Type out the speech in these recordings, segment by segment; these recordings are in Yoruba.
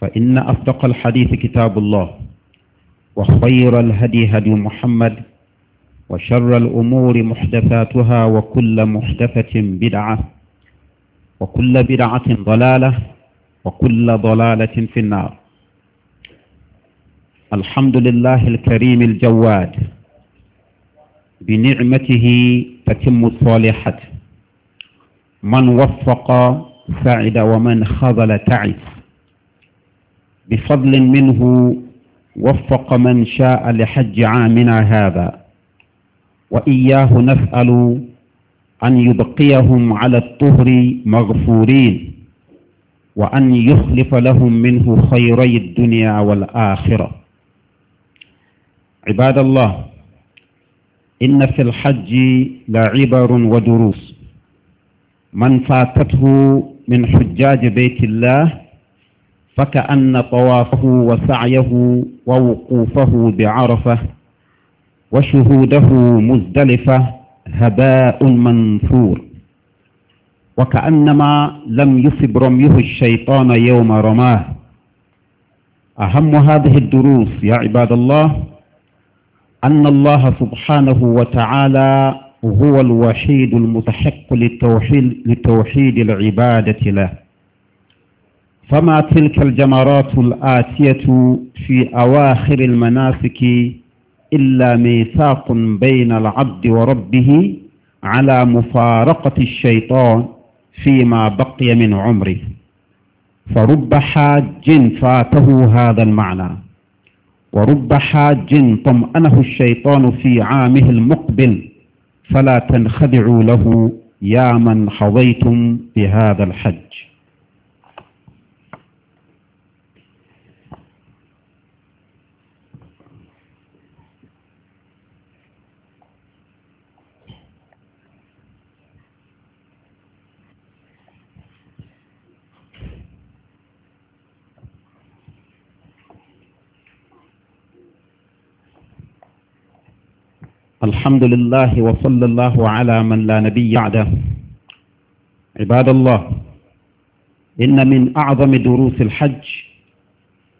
فإن أصدق الحديث كتاب الله وخير الهدي هدي محمد وشر الأمور محدثاتها وكل محدثة بدعة وكل بدعة ضلالة وكل ضلالة في النار الحمد لله الكريم الجواد بنعمته تتم الصالحات من وفق سعد ومن خذل تعس بفضل منه وفق من شاء لحج عامنا هذا وإياه نسأل أن يبقيهم على الطهر مغفورين وأن يخلف لهم منه خيري الدنيا والآخرة عباد الله إن في الحج لعبر ودروس من فاتته من حجاج بيت الله فكأن طوافه وسعيه ووقوفه بعرفة وشهوده مزدلفة هباء منثور وكأنما لم يصب رميه الشيطان يوم رماه أهم هذه الدروس يا عباد الله أن الله سبحانه وتعالى هو الوحيد المتحق للتوحيد, للتوحيد العبادة له فما تلك الجمرات الآتية في أواخر المناسك إلا ميثاق بين العبد وربه على مفارقة الشيطان فيما بقي من عمره فرب حاج فاته هذا المعنى ورب حاج طمأنه الشيطان في عامه المقبل فلا تنخدعوا له يا من حظيتم بهذا الحج الحمد لله وصلى الله على من لا نبي بعده عباد الله إن من أعظم دروس الحج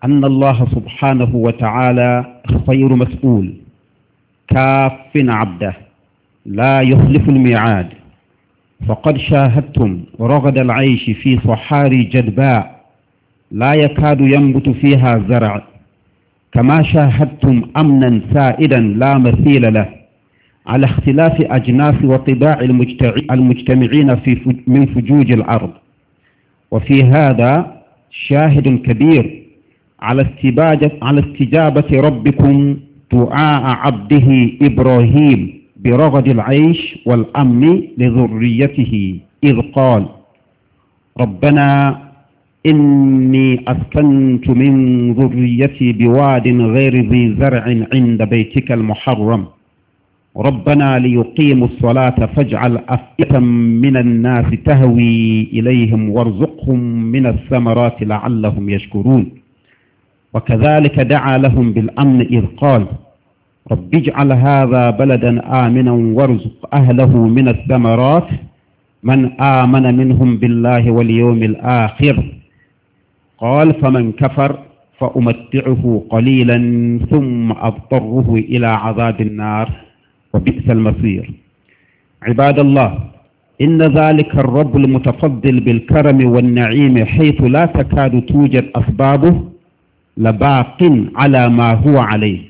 أن الله سبحانه وتعالى خير مسؤول كاف عبده لا يخلف الميعاد فقد شاهدتم رغد العيش في صحاري جدباء لا يكاد ينبت فيها زرع كما شاهدتم أمنا سائدا لا مثيل له على اختلاف أجناس وطباع المجتمعين في من فجوج الأرض وفي هذا شاهد كبير على على استجابة ربكم دعاء عبده إبراهيم برغد العيش والأمن لذريته إذ قال ربنا إني أسكنت من ذريتي بواد غير ذي زرع عند بيتك المحرم ربنا ليقيموا الصلاة فاجعل أفئدة من الناس تهوي إليهم وارزقهم من الثمرات لعلهم يشكرون وكذلك دعا لهم بالأمن إذ قال رب اجعل هذا بلدا آمنا وارزق أهله من الثمرات من آمن منهم بالله واليوم الآخر قال فمن كفر فأمتعه قليلا ثم أضطره إلى عذاب النار وبئس المصير عباد الله إن ذلك الرب المتفضل بالكرم والنعيم حيث لا تكاد توجد أسبابه لباق على ما هو عليه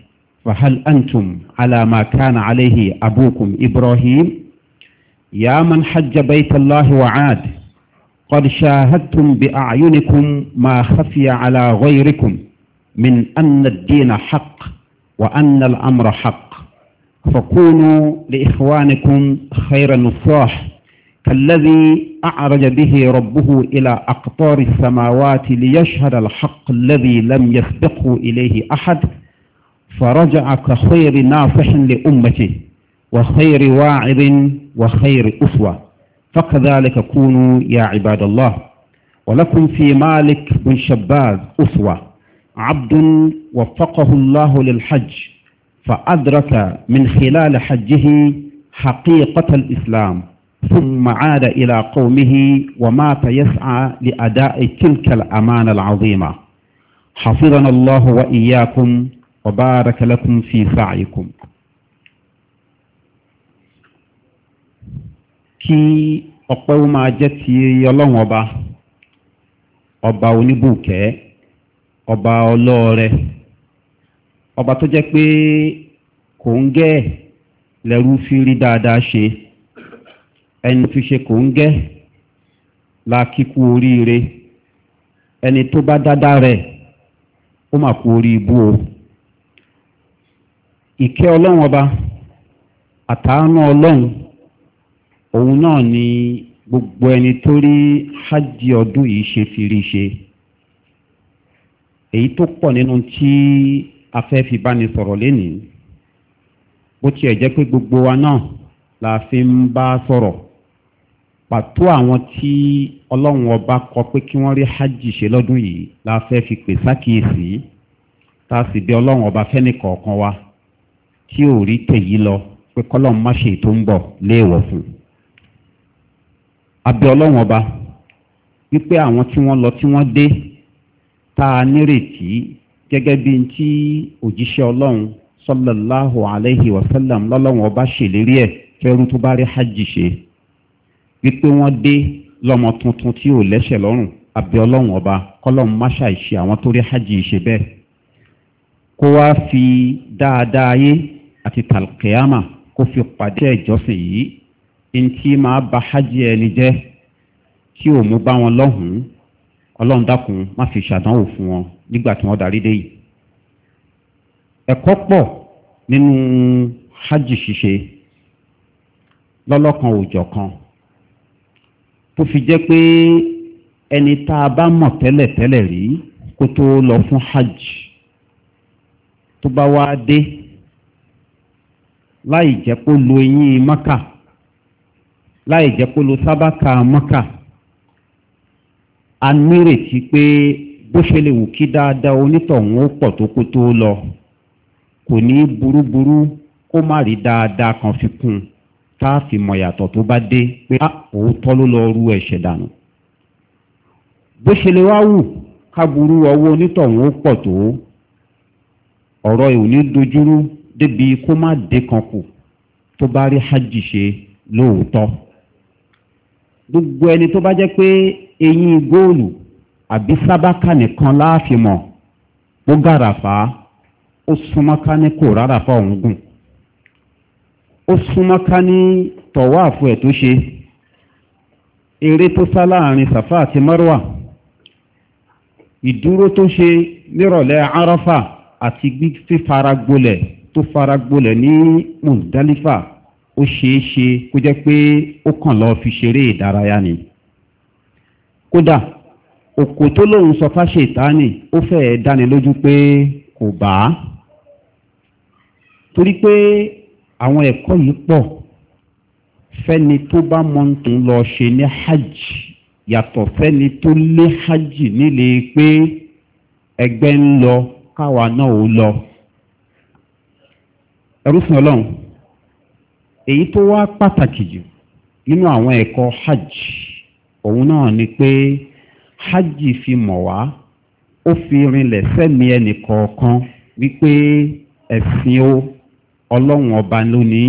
فهل أنتم على ما كان عليه أبوكم إبراهيم يا من حج بيت الله وعاد قد شاهدتم بأعينكم ما خفي على غيركم من أن الدين حق وأن الأمر حق فكونوا لإخوانكم خير النصاح كالذي أعرج به ربه إلى أقطار السماوات ليشهد الحق الذي لم يسبقه إليه أحد فرجع كخير ناصح لأمته وخير واعظ وخير أسوة فكذلك كونوا يا عباد الله ولكم في مالك بن شباز أسوة عبد وفقه الله للحج فأدرك من خلال حجه حقيقة الإسلام ثم عاد إلى قومه ومات يسعى لأداء تلك الأمانة العظيمة حفظنا الله وإياكم وبارك لكم في سعيكم كي أقوم جتي يلون وبا ti بوكي ọba لوري ọba tó jẹ́ pé kò ń gẹ́ lẹ́rú fi rí dáadáa ṣe ẹni fi ṣe kò ń gẹ́ la kíkú oríire ẹni tó bá dáadáa rẹ̀ ó mà kú orí ibú o ìkẹ́ ọlọ́run ọba àtàánú ọlọ́run òun náà ni gbogbo ẹni tó rí hajj ọdún yìí ṣe fi rí ṣe èyí tó pọ̀ nínú tí afẹ́fibánisọ̀rọ̀ lénìí bó tiẹ̀ jẹ́ pé gbogbo wa náà la fi ń bá sọ̀rọ̀ pàtó àwọn tí ọlọ́run ọba kọ pé kí wọ́n rí hajj ṣe lọ́dún yìí la fẹ́ fi pè sákìyèsí tá a sì bí ọlọ́run ọba fẹ́ni kọ̀ọ̀kan wa tí ò rí tèyí lọ pé kọ́lọ́run má ṣe tó ń bọ̀ léèwọ̀ fún abẹ́ ọlọ́run ọba wípé àwọn tí wọ́n lọ tí wọ́n dé tá a nírètí gẹ́gẹ́ bí n tí òjíṣẹ́ ọlọ́run sọ́lọ́láhù aláìhì wàsálàm lọ́lọ́run ọba ṣèlérí ẹ̀ fẹ́rú tó bá rí hajj ṣe wípé wọ́n dé lọ́mọ tuntun tí ò lẹ́sẹ̀ lọ́rùn àbí ọlọ́run ọba kọ́lọ́run máṣà ìṣe àwọn tó rí hajj ṣe bẹ́ẹ̀ kó wá fi dáadáa ayé àti tàlkìyàmà kó fi pàdé ìjọsìn yìí n tí máa ba hajj ẹni jẹ́ tí ò bá wọn lọ́hùn-ún ọlọ́run dákun má fi ṣàdánwò fún wọn nígbà tí wọ́n darí dé yìí ẹ̀kọ́ pọ̀ nínú hajj ṣíṣe lọ́lọ́kan òòjọ́ kan tó fi jẹ́ pé ẹni tá a bá mọ̀ tẹ́lẹ̀tẹ́lẹ̀ rí kó tó lọ fún hajj tó bá wá dé láì jẹ́ kó lo eyín mọ́kà láì jẹ́ kó lo sábàkà mọ́kà a nírètí pé bó ṣe lè wù kí dáadáa onítọ̀hún ó pọ̀ tó kó tó lọ kò ní burúburú kó má rí dáadáa kan fi kún un tá a fi mọ̀ yàtọ̀ tó bá dé pé á ah, òótọ́ ló lọ rú ẹ̀ṣẹ̀ dànù bó ṣe lè wá wù káburú ọwọ́ onítọ̀hún ó pọ̀ tó ọ̀rọ̀ ẹ̀ ní dojúrú débi kó má dé kan kù tó bá rí hajj ṣe lóòótọ́ gbogbo ẹni tó bá jẹ́ pé eyín góòlù àbí sábàkà nìkan láàfin mọ̀ ó gàràfà ó súnmọ́ ká ní kò ráràfà òun gùn ó súnmọ́ ká ní tọ̀wọ́ àfọ ẹ̀ tó ṣe eré tó sá láàrin sàfà àti mọ́rùwà ìdúró tó ṣe nírọ̀lẹ́ arọ́fà àti fífaragbolẹ̀ tó faragbolẹ̀ ní mùsùlùmí ó ṣeé ṣe kó jẹ́ pé ó kàn lọ́ọ́ fi ṣeré ìdárayá ni kódà òkò tó lóun sọ fáṣe ìtaánì ó fẹ́ẹ̀ dáni lójú pé kò bá torí pé àwọn ẹ̀kọ́ yìí pọ̀ fẹ́ni tó bá mọ tó ń lọ ṣe ní hajj yàtọ̀ fẹ́ni tó lé hajj nílé pé ẹgbẹ́ ń lọ káwa náà ó lọ ẹrúfin ọlọ́run èyí tó wá pàtàkì jù nínú àwọn ẹ̀kọ́ hajj òun náà ni pé hajj fi mọ̀ wá ó fi rinlẹ̀ sẹ́mi ẹnì kọ̀ọ̀kan wípé ẹ̀sìn o ọlọ́run ọba ló ní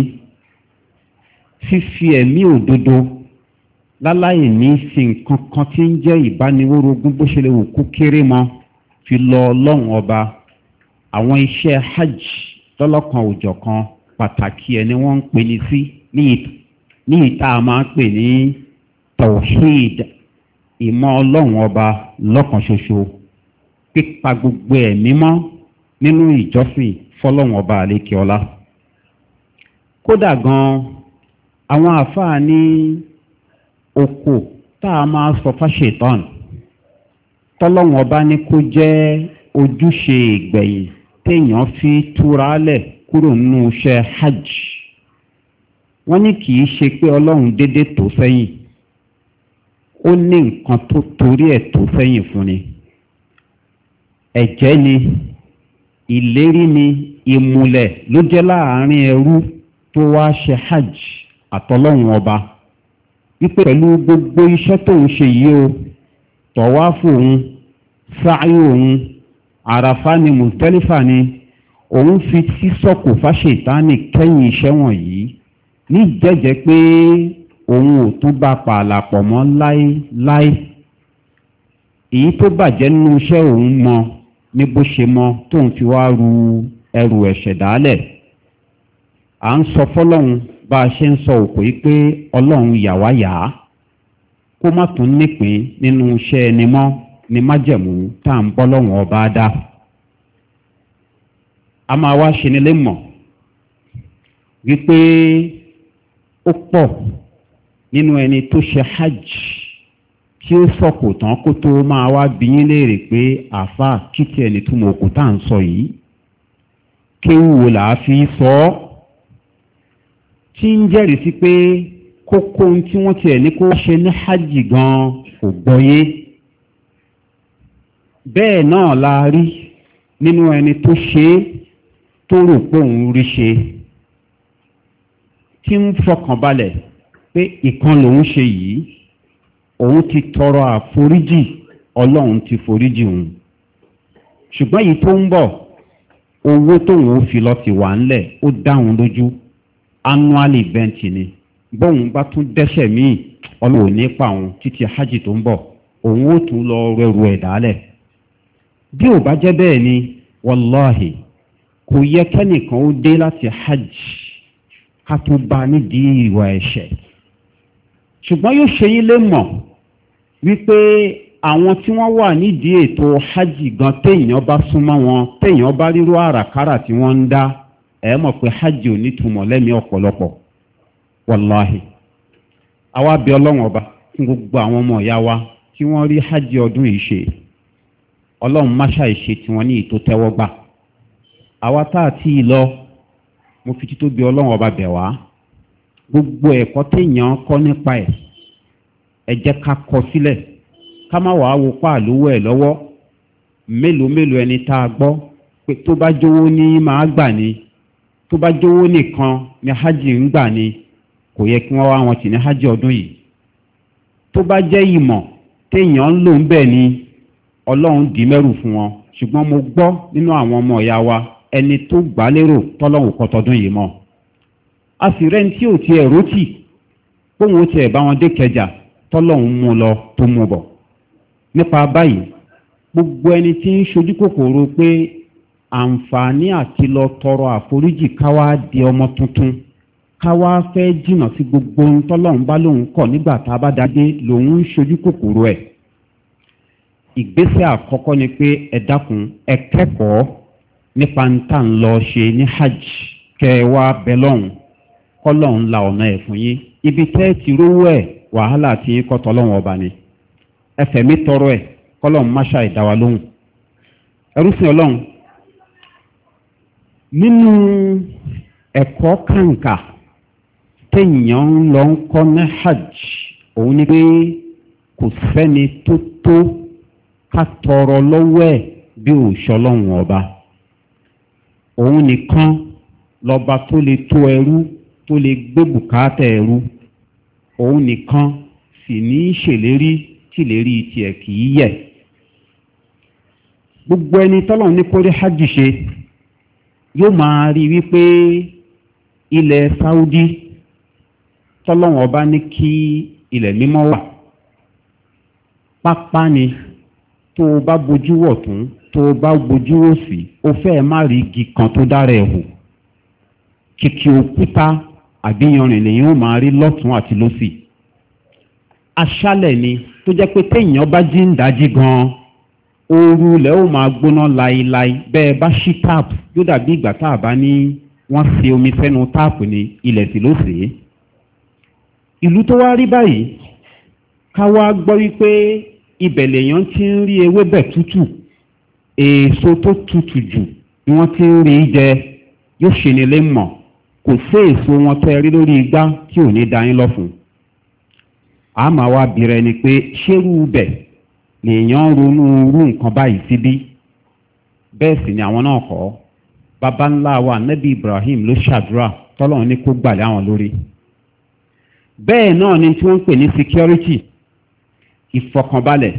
fífi ẹ̀mí òdodo láláì ní sí nǹkan kan tí ń jẹ́ ìbániwórogún bó ṣe lè wù kú kéré mọ́ fi lọ ọlọ́run ọba àwọn iṣẹ́ hajj lọ́lọ́kan òjọ̀kan pàtàkì ẹ̀ ni wọ́n ń pè ní sí ní ìta máa ń pè ní tawhid ìmọ̀ ọlọ́run ọba lọ́kan ṣoṣo pípa gbogbo ẹ̀ mímọ́ nínú ìjọsìn fọlọ́run ọba àlékè ọlá kódà gan àwọn àáfàá ní oko tá a máa sọ fáṣetán tọ́lọ́run ọba ní kó jẹ́ ojúṣe ìgbẹ̀yìn téèyàn fi túra lẹ̀ kúrò nínú iṣẹ́ hajj wọ́n ní kì í ṣe pé ọlọ́run déédéé tó sẹ́yìn ó ní nǹkan tó torí ẹ̀ tó fẹ́yìn fún ni ẹ̀jẹ̀ ni ìlérí ni ìmùlẹ̀ ló jẹ́ láàrin ẹrú tó wá ṣe hajj àtọ́lọ́hún ọba wípé pẹ̀lú gbogbo iṣẹ́ tó ń ṣe yìí o tọ̀wáfù òun sáàyè òun àràfá ni mùtẹ́lífà ni òun fi sísọ̀kò fáṣetánì kẹ́yìn iṣẹ́ wọ̀nyí ní jẹ́jẹ́ pé òun ò tún bá pààlà pọ̀ mọ́ láéláé èyí tó bàjẹ́ nínú iṣẹ́ òun mọ ní bó ṣe mọ tóun fi wá ru ẹrù ẹ̀ṣẹ̀ dálẹ̀ à sọ fọlọ́run bá a ṣe ń sọ òkú yìí pé ọlọ́run yàwá yà á kó má tún nínú iṣẹ́ ẹni mọ́ ni májẹ̀mú ọba dá a máa wá ṣe nílé mọ̀ wípé nínú ẹni tó ṣe hajj tí ó sọ̀kò tán kó tó máa wá bí yín léèrè pé àfa kìtì ẹni tó mọ òkú tá à ń sọ yìí kéwù wo là á fi sọ ọ́ tí ń jẹ́rìí sí pé kókó tí wọ́n tiẹ̀ ní kó ṣe ní hajj gan kò gbọ́yé bẹ́ẹ̀ náà la rí nínú ẹni tó ṣe é tó rò pé òun rí ṣe tí ń fọkànbalẹ̀ pé ìkan lòun ṣe yìí òun ti tọrọ àforíjì ọlọ́run ti foríjì òun ṣùgbọ́n èyí tó ń bọ̀ owó tóun ó fi lọ ti wà ńlẹ̀ ó dáhùn lójú annual event ni bóun bá tún dẹ́sẹ̀ míì ọlọ́run nípa òun títí hajj tó ń bọ̀ òun ó tún lọ rẹrù ẹ̀ dálẹ̀ bí ò bá jẹ́ bẹ́ẹ̀ ni wàláhì kò yẹ kẹ́nìkan ó dé láti hajj ká tó bá nídìí ìwà ẹ̀ṣẹ̀ ṣùgbọ́n yóò ṣe yín lé mọ̀ wípé àwọn tí wọ́n wà nídìí ètò hajj gan téèyàn bá súnmọ́ wọn téèyàn bá rírú àràkárà tí wọ́n ń dá ẹ̀ mọ̀ pé hajj ò ní túmọ̀ lẹ́mìí ọ̀pọ̀lọpọ̀ wàláhì àwa bí ọlọ́run ọba fún gbogbo àwọn ọmọ ìyá wa tí wọ́n rí hajj ọdún yìí ṣe ọlọ́run máṣá ìṣe tí wọ́n ní ètò tẹ́wọ́ àwa tá àti ìlọ mo fi tító bí ọlọ́run ọba bẹ̀ wá gbogbo ẹ̀kọ́ téèyàn kọ́ nípa ẹ̀ ẹ jẹ́ ká kọ sílẹ̀ ká má wàá wo pàlówó ẹ̀ lọ́wọ́ mélòó mélòó ẹni tá a gbọ́ pé tó bá jówó ní máa gbà ni tó bá jówó nìkan ni hajj ń gbà ni kò yẹ kí wọ́n wá wọn tì ní hajj ọdún yìí tó bá jẹ́ ìmọ̀ téèyàn ń lò ń bẹ̀ ni ọlọ́run dì mẹ́rù fún wọn ṣùgbọ́n mo gbọ́ nínú àwọn ọmọ ìyá wa ẹni tó gbà lérò tọ́lọ́hùn kọ́tọ́dún yìí mọ́ a sì rẹ́ni tí ò tiẹ̀ rótì bóun ó tiẹ̀ bá wọn dé kẹjà tọ́lọ́hún mú lọ tó mú bọ̀ nípa báyìí gbogbo ẹni tí ń ṣojú kòkòrò pé àǹfààní àti lọ tọrọ àforíjì káwá di ọmọ tuntun káwá fẹ́ jìnnà sí gbogbo ohun tọ́lọ́hún bá lòun kọ̀ nígbà tá a bá dáadé lòun ń ṣojú kòkòrò ẹ̀ ìgbésẹ̀ àkọ́kọ́ ni pé ẹ dákun ẹ kẹ́kọ̀ọ́ nípa ń tà ń lọ ṣe ní hajj kẹ́ ẹ wá bẹ lọ́hùn kọ́lọ́hún la ọ̀nà ẹ̀ fún yín ibi tẹ́ ti rówó ẹ̀ wàhálà àti yín kọ́ tọ́lọ́hún ọba ni ẹfẹ̀ mi tọrọ ẹ̀ kọ́lọ́hún máṣá ìdáwa lóhùn ẹrúsìn ọlọ́run nínú ẹ̀kọ́ kàǹkà téèyàn ń lọ ń kọ́ ní hajj òun ni pé kò sẹ́ni tó tó ká tọrọ lọ́wọ́ ẹ̀ bí òṣọlọ́hún ọba òun nìkan lọ́ba tó lè tó ẹrú tó lè gbé bùkátà ẹ̀rú òun nìkan sì ní ṣèlérí tìlérí tiẹ̀ kì í yẹ̀ gbogbo ẹni tọ́lọ̀ ní kórè hajj ṣe yóò máa rí wípé ilẹ̀ saudi tọ́lọ́wọ̀n ọba ní kí ilẹ̀ mímọ́ wà pápá ni tó o bá bojú wọ̀ tún tó o bá bojú wò sí o fẹ́ẹ̀ má rí igi kan tó dára ẹ̀ hù kìkì òkúta àbíyanrìn lèyìn ó máa rí lọ́tún àti lọ́sì aṣálẹ̀ ni tó jẹ́ pé téèyàn bá jí ń dájí gan-an ooru lẹ̀ ó máa gbóná láéláé bẹ́ẹ̀ bá ṣí táàpù yóò dàbí ìgbà tá a bá ní wọ́n se omi sẹ́nu táàpù ni ilẹ̀ sì ló sèé ìlú tó wá rí báyìí ká wá gbọ́ wípé ibẹ̀ lèèyàn ti ń rí ewébẹ̀ tútù èso tó tutù jù ni wọ́n ti ń rí jẹ yóò ṣe ni lé mọ̀ kò sí èso wọn tẹ́ rí lórí igbá tí ò ní da lọ́fun a máa wá bìrẹ̀ ni pé ṣérú bẹ̀ lèèyàn ń ronú irú nǹkan báyìí síbí bẹ́ẹ̀ sì ni àwọn náà kọ́ baba ńlá wa nẹ́bí ibrahim ló ṣàdúrà tọ́lọ́run ní kó gbàlẹ́ àwọn lórí bẹ́ẹ̀ náà ni tí wọ́n ń pè ní security ìfọkànbalẹ̀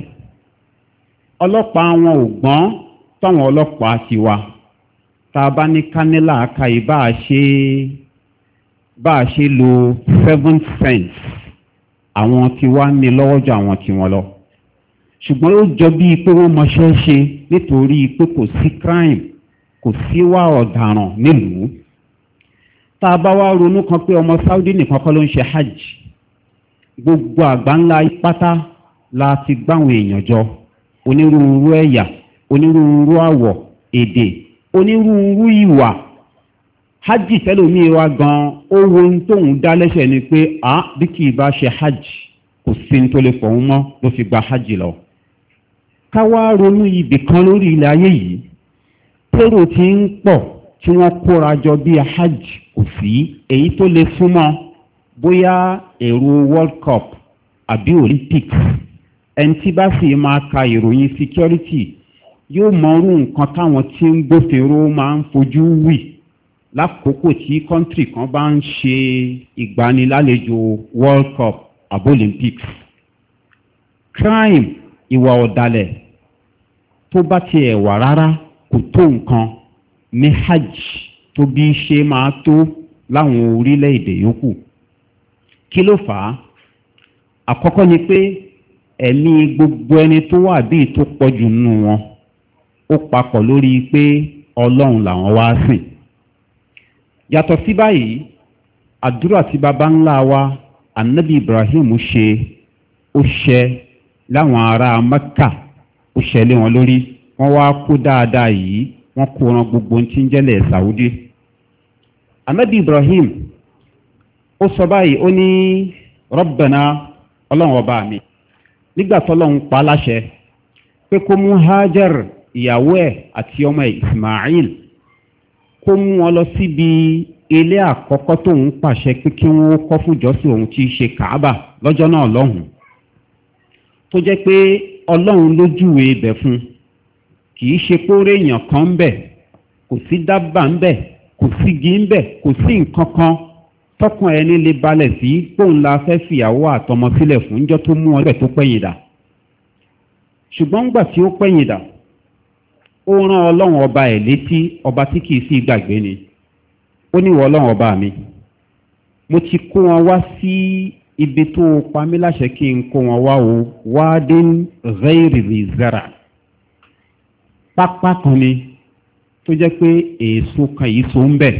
ọlọ́pàá wọn ò gbọ́n táwọn ọlọ́pàá ti wa tá a bá ní kánẹ́là ka yìí bá a ṣe bá a ṣe lo seven cents àwọn tí wá ní lọ́wọ́ ju àwọn tí wọ́n lọ ṣùgbọ́n ó jọ bíi pé wọ́n mọṣẹ́ ṣe nítorí pé kò sí crime kò sí wá ọ̀daràn nílùú tá a bá wá ronú kan pé ọmọ saudi nìkan kọ́ ló ń ṣe hajj gbogbo àgbáńlá pátá la ti gbáwọn èèyàn jọ onírúurú ẹ̀yà onírúurú àwọ̀ èdè onírúurú ìwà hajj tẹ́lómi wa gan ó wo ohun tóun dá lẹ́sẹ̀ ni pé a bí kì í bá ṣe hajj kò sí ní tó lè fọ̀hún mọ́ ló fi gba hajj lọ. ká wá ronú ibì kan lórí ilẹ̀ ayé yìí tèrò ti ń pọ̀ tí wọ́n kóra jọ bí hajj kò sí èyí tó lè fún mọ́ bóyá èrò world cup àbí olympics ẹni tí bá sì máa ka ìròyìn security yóò mọrú nǹkan táwọn tí ń gbófinró máa ń fojú wì lákòókò tí kọ́ńtì kan bá ń ṣe ìgbanilálejò world cup àbò olympics crime ìwà ọ̀dàlẹ̀ tó bá ti ẹ̀wà rárá kò tó nǹkan ní hajj tó bí ṣe máa tó láwọn orílẹ̀-èdè yòókù kí ló fà á àkọ́kọ́ ni pé ẹ̀mí gbogbo ẹni tó wà bíi tó pọ̀jù nù wọn ó papọ̀ lórí pé ọlọ́run làwọn wá sìn yàtọ̀ sí báyìí àdúrà tí baba ńlá wa anabi ibrahim ṣe ó ṣẹ láwọn ará mẹ́kà ó ṣẹlẹ̀ wọn lórí wọ́n wá kó dáadáa yìí wọ́n kó ran gbogbo tí ń jẹ́lẹ̀ saudi anabi ibrahim ó sọ báyìí ó ní rọ́bẹ̀nà ọlọ́run ọba mi nígbà tọ́lọ́run pa láṣẹ pé kó mú hajar ìyàwó ẹ̀ àti ọmọ ẹ̀ Ismail kó mú wọn lọ síbi ilé àkọ́kọ́ tóun pàṣẹ pé kí wọ́n kọ́ fún ìjọsìn òun tí í ṣe Kàábà lọ́jọ́ náà lọ́hùn tó jẹ́ pé Ọlọ́run ló júwe ibẹ̀ fún kì í ṣe kórè èèyàn kan ń bẹ̀ kò sí dábàá ń bẹ̀ kò sí igi ń bẹ̀ kò sí nǹkan kan tọkàn ẹni lè balẹ̀ sí póun la fẹ́ fìyàwó àtọmọ sílẹ̀ fún níjọ́ tó mú wọn bẹ̀ tó pẹ̀yìn dà ṣùgbọ́n nígbà tí ó pẹ̀yìn dà ó rán ọlọ́run ọba ẹ̀ létí ọba tí kìí sí gbàgbé ni ó níwọ̀ ọlọ́run ọba mi mo ti kó wọn wá sí ibi tó pa mí láṣẹ kí n kó wọn wá o wádín rẹ́ìrìrì zara pápá kan ni tó jẹ́ pé èso kan yìí so ń bẹ̀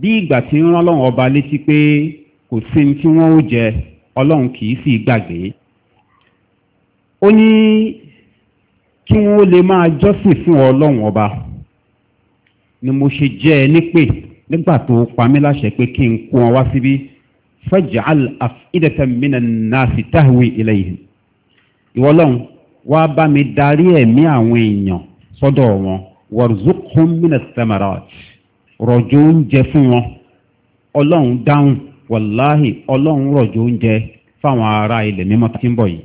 bí ìgbà tí ń rán ọlọ́run ọba létí pé kò sí ní tí wọ́n ó jẹ ọlọ́run kìí sí gbàgbé ó ní kí wọ́n lè máa jọ́sìn fún ọlọ́run ọba ni mo ṣe jẹ́ ẹ nípè nígbà tó pa mí láṣẹ pé kí n kó wọn wá síbí fajal afidata mina nasi tahwi ilayhim ìwọ ọlọ́run wá bá mi darí ẹ̀mí àwọn èèyàn sọ́dọ̀ wọn warzuqhum mina samarat rọ̀jò oúnjẹ fún wọn ọlọ́run dáhùn wàláhì ọlọ́run rọ̀jò oúnjẹ fáwọn ará ilẹ̀ mímọ́ tí ń bọ̀ yìí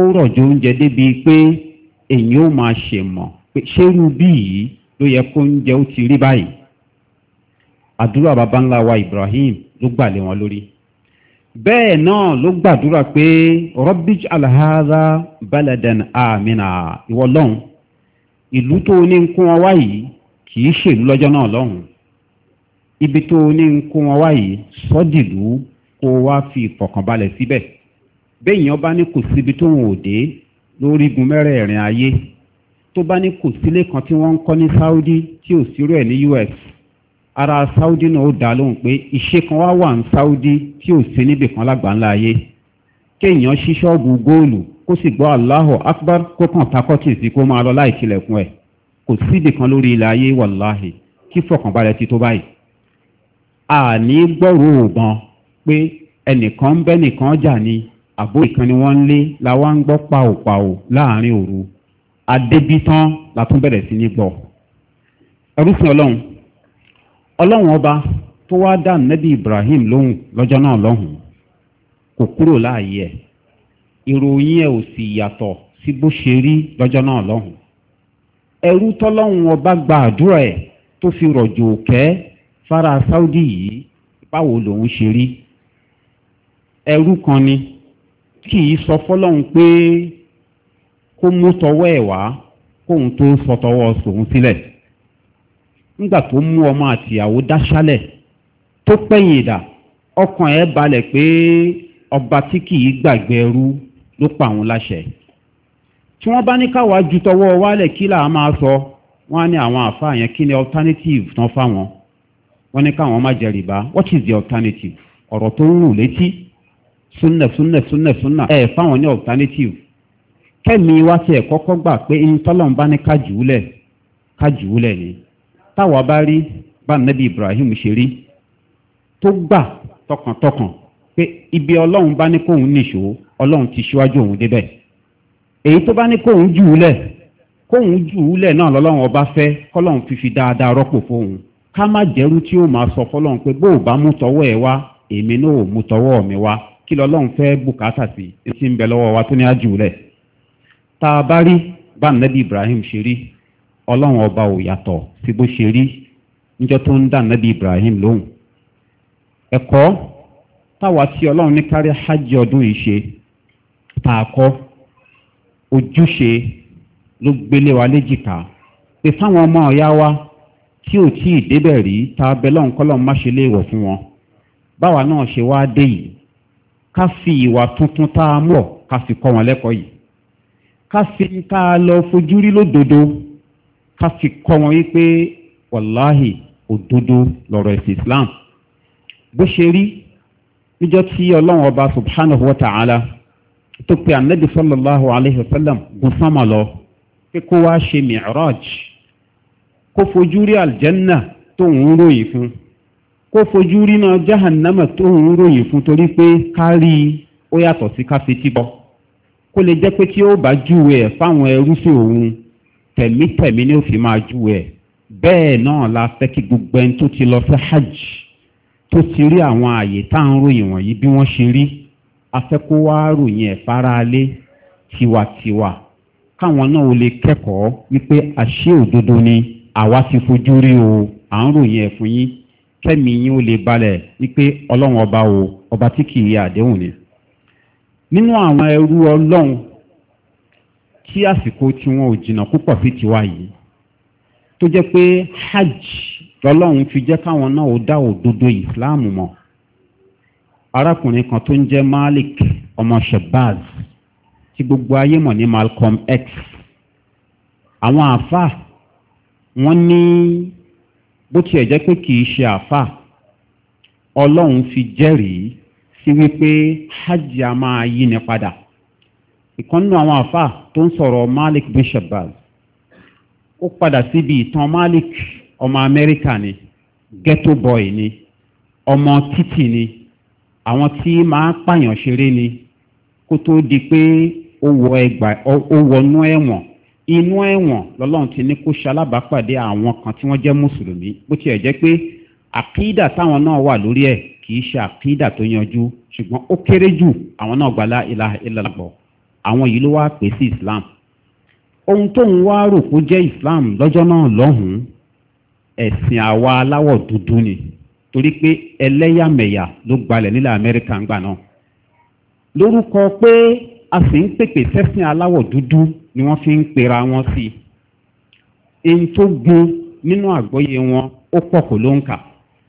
ó rọ̀jò oúnjẹ débi pé èyí ó máa ṣe mọ̀ pé ṣérú bí yìí ló yẹ kó ń jẹ́ ó ti rí báyìí àdúrà bàbá ńlá wa ibrahim ló gbà lé wọn lórí bẹ́ẹ̀ náà ló gbàdúrà pé rọ́bíj alhaza baladan amina ìwọ lọ́hùn ìlú tó ní ń kún wọn wá yìí kì í ṣèlú lọ́jọ́ náà lọ́hùn ibi tó ní ń kún wọn wá sọ́dìlú kó wá fi ìfọ̀kànbalẹ̀ síbẹ̀ bẹ́ẹ̀ yẹn bá ní kò síbi tó ń wò dé lórígun mẹ́rẹ̀ẹ̀rin ayé tó bá ní kò sílé kan tí wọ́n ń kọ́ ní saudi tí ò sírò ẹ̀ ní us ara saudi náà ó dá lóhùn pé iṣẹ́ kan wá wà ní saudi tí ò sí níbì kan lágbàńlá ayé kéèyàn ṣí ṣọ́ọ̀bù góòlù kó sì gbọ́ aláhọ̀ akbar kó kàn takọ́tì sí kó máa lọ láì tilẹ̀kùn ẹ̀ kò síbì kan lórí ilẹ̀ ayé wàláhì kí fọkànbalẹ̀ ti tó báyìí àní gbọ́rò òbọn pé ẹnìkan bẹ́nìkan jà ni àbó ìkan ni wọ́n ń lé la wá ń gbọ́ pàòpàò láàrin òru adébítán la tún bẹ̀rẹ̀ sí ní gbọ́ ẹrúfin ọlọ́run ọlọ́run ọba tó wá dá nẹ́bí ibrahim lóhùn lọ́jọ́ náà lọ́hùn kò kúrò láàyè ẹ̀ ìròyìn ẹ̀ ò sì yàtọ̀ sí bó ṣe rí lọ́jọ́ náà lọ́hùn ẹrú tọ́lọ́run ọba gba àdúrà ẹ̀ tó fi rọ̀jò òkẹ́ fara saudi yìí báwo lòun ṣe rí ẹrú kan ni kì í sọ fọ́lọ́hún pé kó mú tọwọ́ ẹ̀ wá kóun tó sọ tọwọ́ sòun sílẹ̀ nígbà tó mú ọmọ àtìyàwó dáṣálẹ̀ tó pẹ̀yìn ìdà ọkàn ẹ̀ balẹ̀ pé ọba tí kì í gbàgbé ẹrú ló pa àwọn láṣẹ tí wọ́n bá ní káwá ju tọwọ́ wálẹ̀ kí là máa sọ wọ́n á ní àwọn àfáà yẹn kí ni alternative tán fáwọn wọ́n ní káwọn má jẹ rìbá what is the alternative ọ̀rọ̀ tó ń rùn létí súnà súnà súnà súnà ẹ fáwọn ní alternative kẹ́mi wá sí ẹ̀ kọ́kọ́ gbà pé ń tọ́lọ́n bá ní kájúúlẹ̀ kájúúlẹ̀ ni táwa bá rí bá ibrahim ṣe rí tó gbà tọkàntọkàn pé ibi ọlọ́run bá ní kóun nìṣó ọlọ́run ti ṣíwájú òun débẹ̀ èyí tó bá ní kóun jùúlẹ̀ kóun jùúlẹ̀ náà lọ́lọ́run ọba fẹ́ kọ́lọ́run fífi dáadáa rọ́pò fóun ká má jẹ́rú tí ó máa sọ fọ́lọ́run pé bó o bá mú tọwọ́ ẹ wá èmi náà ò mú tọwọ́ mi wá kí lọ́lọ́run fẹ́ bùkátà sí etí ń bẹ lọ́wọ́ wa tó ní àjùlẹ̀ tá a bá rí bá nẹ́bí ibrahim ṣe rí ọlọ́run ọba ò yàtọ̀ sí bó ṣe rí níjọ́ tó ń dà nẹ́bí ibrahim lóhùn ẹ̀kọ́ táwa tí ọlọ́run ní kárí hajj ọdún yìí ṣe tá a kọ́ ojúṣe ló gbélé wa léjìká pé fáwọn ọmọ ọ̀yá wa tí ò tí ì débẹ̀ rí tá a bẹ lọ́nkọ́lọ́n má ṣe léèwọ̀ fún wọn báwa náà ṣe wá dé yìí ká fi ìwà tuntun tá a mọ̀ ká fi kọ́ wọn lẹ́kọ̀ọ́ yìí ká fi tá a lọ fojú rí lódodo ká fi kọ́ wọn wípé wàláhì òdodo lọ̀rọ̀ ẹ̀sìn islam bó ṣe rí níjọ́ tí ọlọ́run ọba subhanahu wa ta'ala tó pe anabi sallallahu alayhi wa sallam gun sánmà lọ pé kó wá ṣe mi'raj kó fojú rí aljanna tó ń ròyìn fún un kó fojú rí náà jahannama tó ń ròyìn fún torí pé ká rí i ó yàtọ̀ sí ká fetí bọ́ kó lè jẹ́ pé tí ó bá júwe ẹ̀ fáwọn ẹrúfẹ́ òun tẹ̀mítẹ̀mí ni ó fi máa júwe ẹ̀ bẹ́ẹ̀ náà la fẹ́ kí gbogbo ẹni tó ti lọ fẹ́ hajj tó ti rí àwọn ààyè tá à ń ròyìn wọ̀nyí bí wọ́n ṣe rí afẹ́ kó wá ròyìn ẹ̀ faraálé tiwàtiwà káwọn náà ó lè kẹ́kọ̀ọ́ wípé àṣé òdodo ni àwa ti fojú rí o à ń ròyìn ẹ̀ fún yín kẹ́mi yín ó lè balẹ̀ wípé ọlọ́run ọba o ọba tí kì í àdéhùn ni nínú àwọn ẹrú ọlọ́run tí àsìkò tí wọn ò jìnnà púpọ̀ sí tiwa yìí tó jẹ́ pé hajj lọ́lọ́run fi jẹ́ káwọn náà ó dá òdodo ìsìláàmù mọ́ arákùnrin kan tó ń jẹ́ malik ọmọ shabazz tí gbogbo ayé mọ̀ ní malcolm x àwọn àáfàá wọ́n ní. Ni bó tiẹ̀ jẹ́ pé kì í ṣe àfà ọlọ́run fi jẹ́rìí sí wípé hajj a máa yí ni padà ìkànnú àwọn àfà tó ń sọ̀rọ̀ malik bin shabazz ó padà síbi ìtàn malik ọmọ amẹ́ríkà ni ghetto boy ni ọmọ títì ni àwọn tí máa pààyàn ṣeré ni kó tó di pé ó wọnú ẹ̀wọ̀n inú ẹ̀wọ̀n lọ́lọ́run ti ní kó ṣalábàápàdé àwọn kan tí wọ́n jẹ́ mùsùlùmí bó tiẹ̀ jẹ́ pé àkídà táwọn náà wà lórí ẹ̀ kì í ṣe àkídà tó yanjú ṣùgbọ́n ó kéré jù àwọn náà gbalá ìlàgbọ̀ àwọn yìí ló wá pè sí islam ohun tóun wá rò kó jẹ́ islam lọ́jọ́ náà lọ́hùn-ún ẹ̀sìn àwa aláwọ̀ dúdú ni torí pé ẹlẹ́yàmẹ̀yà ló gbalẹ̀ nílẹ̀ amẹ́ríkà ńgbà náà lórúkọ pé a sì ń pèpè sẹ́sìn aláwọ̀ dúdú ni wọ́n fi ń pera wọn sí i. èyí tó gun nínú àgbọ́yé wọn ó pọ̀ kò ló ń kà.